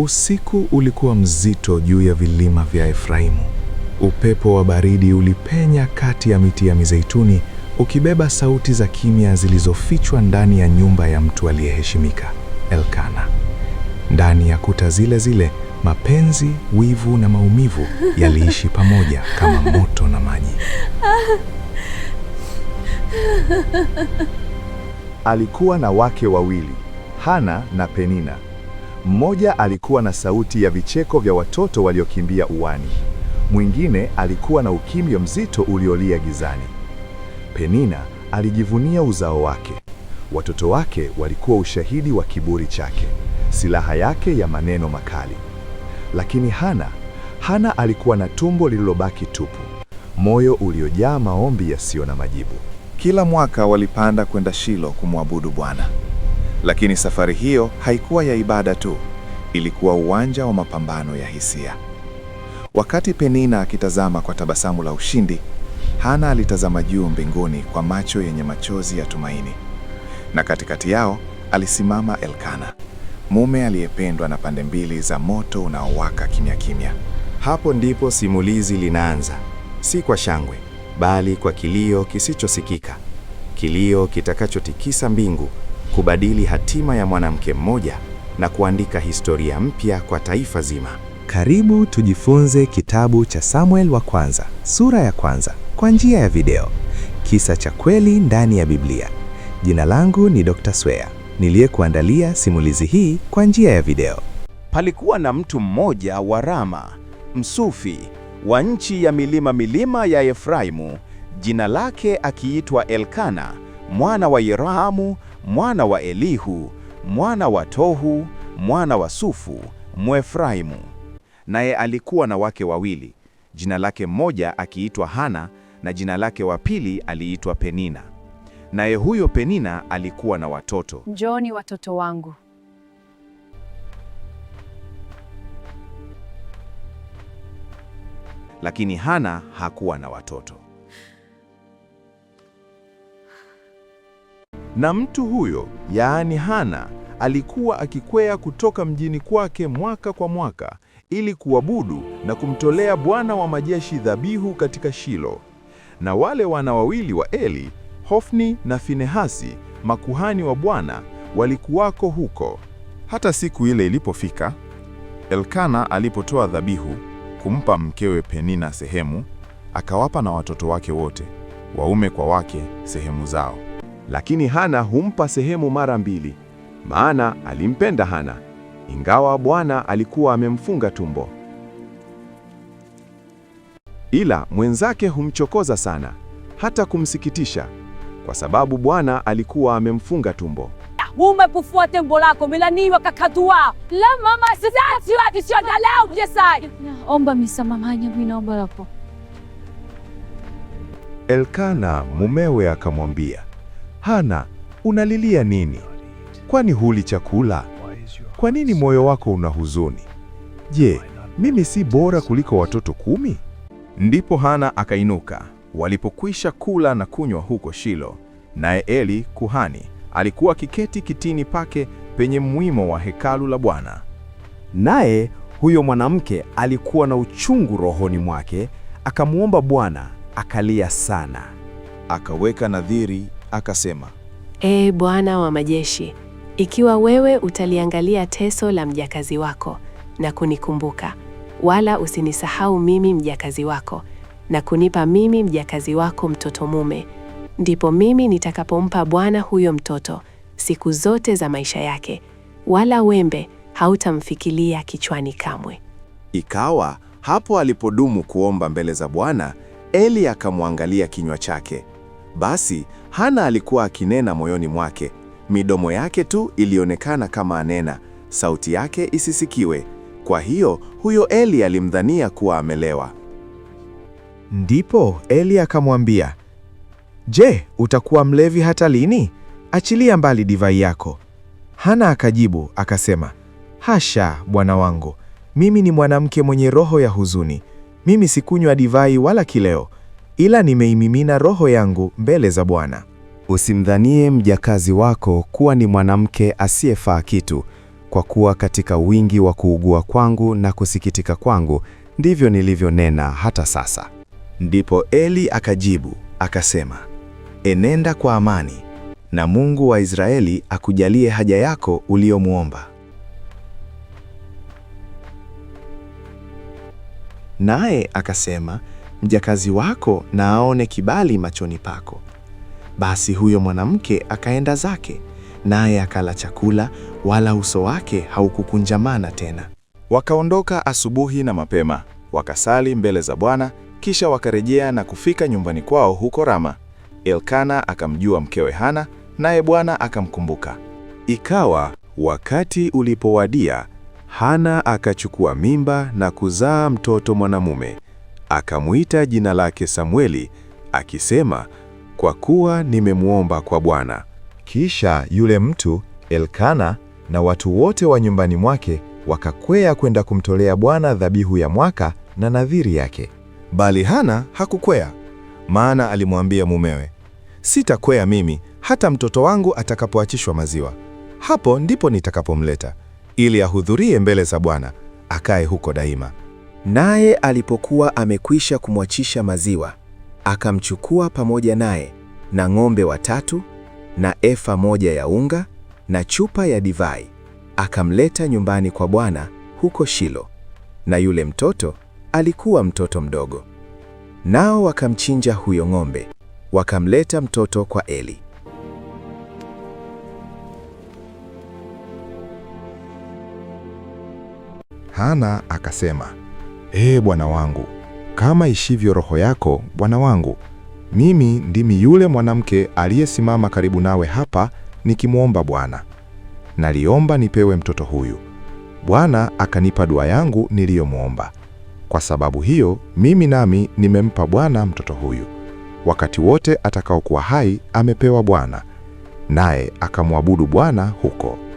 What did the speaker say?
Usiku ulikuwa mzito juu ya vilima vya Efraimu. Upepo wa baridi ulipenya kati ya miti ya mizeituni ukibeba sauti za kimya zilizofichwa ndani ya nyumba ya mtu aliyeheshimika, Elkana. Ndani ya kuta zile zile, mapenzi, wivu na maumivu yaliishi pamoja kama moto na maji. Alikuwa na wake wawili, Hana na Penina. Mmoja alikuwa na sauti ya vicheko vya watoto waliokimbia uwani, mwingine alikuwa na ukimya mzito uliolia gizani. Penina alijivunia uzao wake. Watoto wake walikuwa ushahidi wa kiburi chake, silaha yake ya maneno makali. Lakini Hana, Hana alikuwa na tumbo lililobaki tupu, moyo uliojaa maombi yasiyo na majibu. Kila mwaka walipanda kwenda Shilo kumwabudu Bwana. Lakini safari hiyo haikuwa ya ibada tu, ilikuwa uwanja wa mapambano ya hisia. Wakati Penina akitazama kwa tabasamu la ushindi, Hana alitazama juu mbinguni kwa macho yenye machozi ya tumaini. Na katikati yao alisimama Elkana, mume aliyependwa na pande mbili za moto unaowaka kimya kimya. Hapo ndipo simulizi linaanza, si kwa shangwe, bali kwa kilio kisichosikika, kilio kitakachotikisa mbingu kubadili hatima ya mwanamke mmoja na kuandika historia mpya kwa taifa zima. Karibu tujifunze kitabu cha Samuel wa kwanza sura ya kwanza kwa njia ya video, kisa cha kweli ndani ya Biblia. Jina langu ni Dr. Swea niliyekuandalia simulizi hii kwa njia ya video. Palikuwa na mtu mmoja wa Rama, msufi wa nchi ya milima milima ya Efraimu, jina lake akiitwa Elkana mwana wa Yerahamu mwana wa Elihu, mwana wa Tohu, mwana wa Sufu, Mwefraimu. Naye alikuwa na wake wawili, jina lake mmoja akiitwa Hana na jina lake wa pili aliitwa Penina. Naye huyo Penina alikuwa na watoto. njoni watoto wangu. Lakini Hana hakuwa na watoto. Na mtu huyo, yaani Hana, alikuwa akikwea kutoka mjini kwake mwaka kwa mwaka ili kuabudu na kumtolea Bwana wa majeshi dhabihu katika Shilo. Na wale wana wawili wa Eli, Hofni na Finehasi, makuhani wa Bwana, walikuwako huko. Hata siku ile ilipofika, Elkana alipotoa dhabihu kumpa mkewe Penina sehemu, akawapa na watoto wake wote, waume kwa wake, sehemu zao lakini Hana humpa sehemu mara mbili, maana alimpenda Hana ingawa Bwana alikuwa amemfunga tumbo. Ila mwenzake humchokoza sana, hata kumsikitisha, kwa sababu Bwana alikuwa amemfunga tumbo. Umepufua tembo lako milaniwa kakadua la mama sisi Jesai. Naomba msamaha yangu inaomba Elkana mumewe akamwambia Hana, unalilia nini? Kwani huli chakula? Kwa nini moyo wako una huzuni? Je, mimi si bora kuliko watoto kumi? Ndipo Hana akainuka. Walipokwisha kula na kunywa huko Shilo, naye Eli kuhani alikuwa akiketi kitini pake penye mwimo wa hekalu la Bwana. Naye huyo mwanamke alikuwa na uchungu rohoni mwake, akamwomba Bwana, akalia sana, akaweka nadhiri akasema, Ee Bwana wa majeshi, ikiwa wewe utaliangalia teso la mjakazi wako na kunikumbuka, wala usinisahau mimi mjakazi wako na kunipa mimi mjakazi wako mtoto mume, ndipo mimi nitakapompa Bwana huyo mtoto siku zote za maisha yake, wala wembe hautamfikilia kichwani kamwe. Ikawa hapo alipodumu kuomba mbele za Bwana, Eli akamwangalia kinywa chake basi Hana alikuwa akinena moyoni mwake, midomo yake tu ilionekana kama anena, sauti yake isisikiwe. Kwa hiyo huyo Eli alimdhania kuwa amelewa. Ndipo Eli akamwambia, Je, utakuwa mlevi hata lini? Achilia mbali divai yako. Hana akajibu akasema, Hasha, bwana wangu, mimi ni mwanamke mwenye roho ya huzuni. Mimi sikunywa divai wala kileo ila nimeimimina roho yangu mbele za Bwana. Usimdhanie mjakazi wako kuwa ni mwanamke asiyefaa kitu, kwa kuwa katika wingi wa kuugua kwangu na kusikitika kwangu ndivyo nilivyonena hata sasa. Ndipo Eli akajibu akasema, enenda kwa amani, na Mungu wa Israeli akujalie haja yako uliyomwomba. Naye akasema mjakazi wako na aone kibali machoni pako. Basi huyo mwanamke akaenda zake, naye akala chakula, wala uso wake haukukunjamana tena. Wakaondoka asubuhi na mapema, wakasali mbele za Bwana, kisha wakarejea na kufika nyumbani kwao huko Rama. Elkana akamjua mkewe Hana, naye Bwana akamkumbuka. Ikawa wakati ulipowadia, Hana akachukua mimba na kuzaa mtoto mwanamume akamwita jina lake Samweli akisema, kwa kuwa nimemwomba kwa Bwana. Kisha yule mtu Elkana na watu wote wa nyumbani mwake wakakwea kwenda kumtolea Bwana dhabihu ya mwaka na nadhiri yake. Bali Hana hakukwea, maana alimwambia mumewe, sitakwea mimi hata mtoto wangu atakapoachishwa maziwa, hapo ndipo nitakapomleta ili ahudhurie mbele za Bwana, akae huko daima. Naye alipokuwa amekwisha kumwachisha maziwa, akamchukua pamoja naye na ng'ombe watatu na efa moja ya unga na chupa ya divai, akamleta nyumbani kwa Bwana huko Shilo. Na yule mtoto alikuwa mtoto mdogo. Nao wakamchinja huyo ng'ombe, wakamleta mtoto kwa Eli. Hana akasema Ee Bwana wangu, kama ishivyo roho yako, Bwana wangu, mimi ndimi yule mwanamke aliyesimama karibu nawe hapa nikimwomba Bwana. Naliomba nipewe mtoto huyu. Bwana akanipa dua yangu niliyomwomba. Kwa sababu hiyo, mimi nami nimempa Bwana mtoto huyu. Wakati wote atakaokuwa hai amepewa Bwana, naye akamwabudu Bwana huko.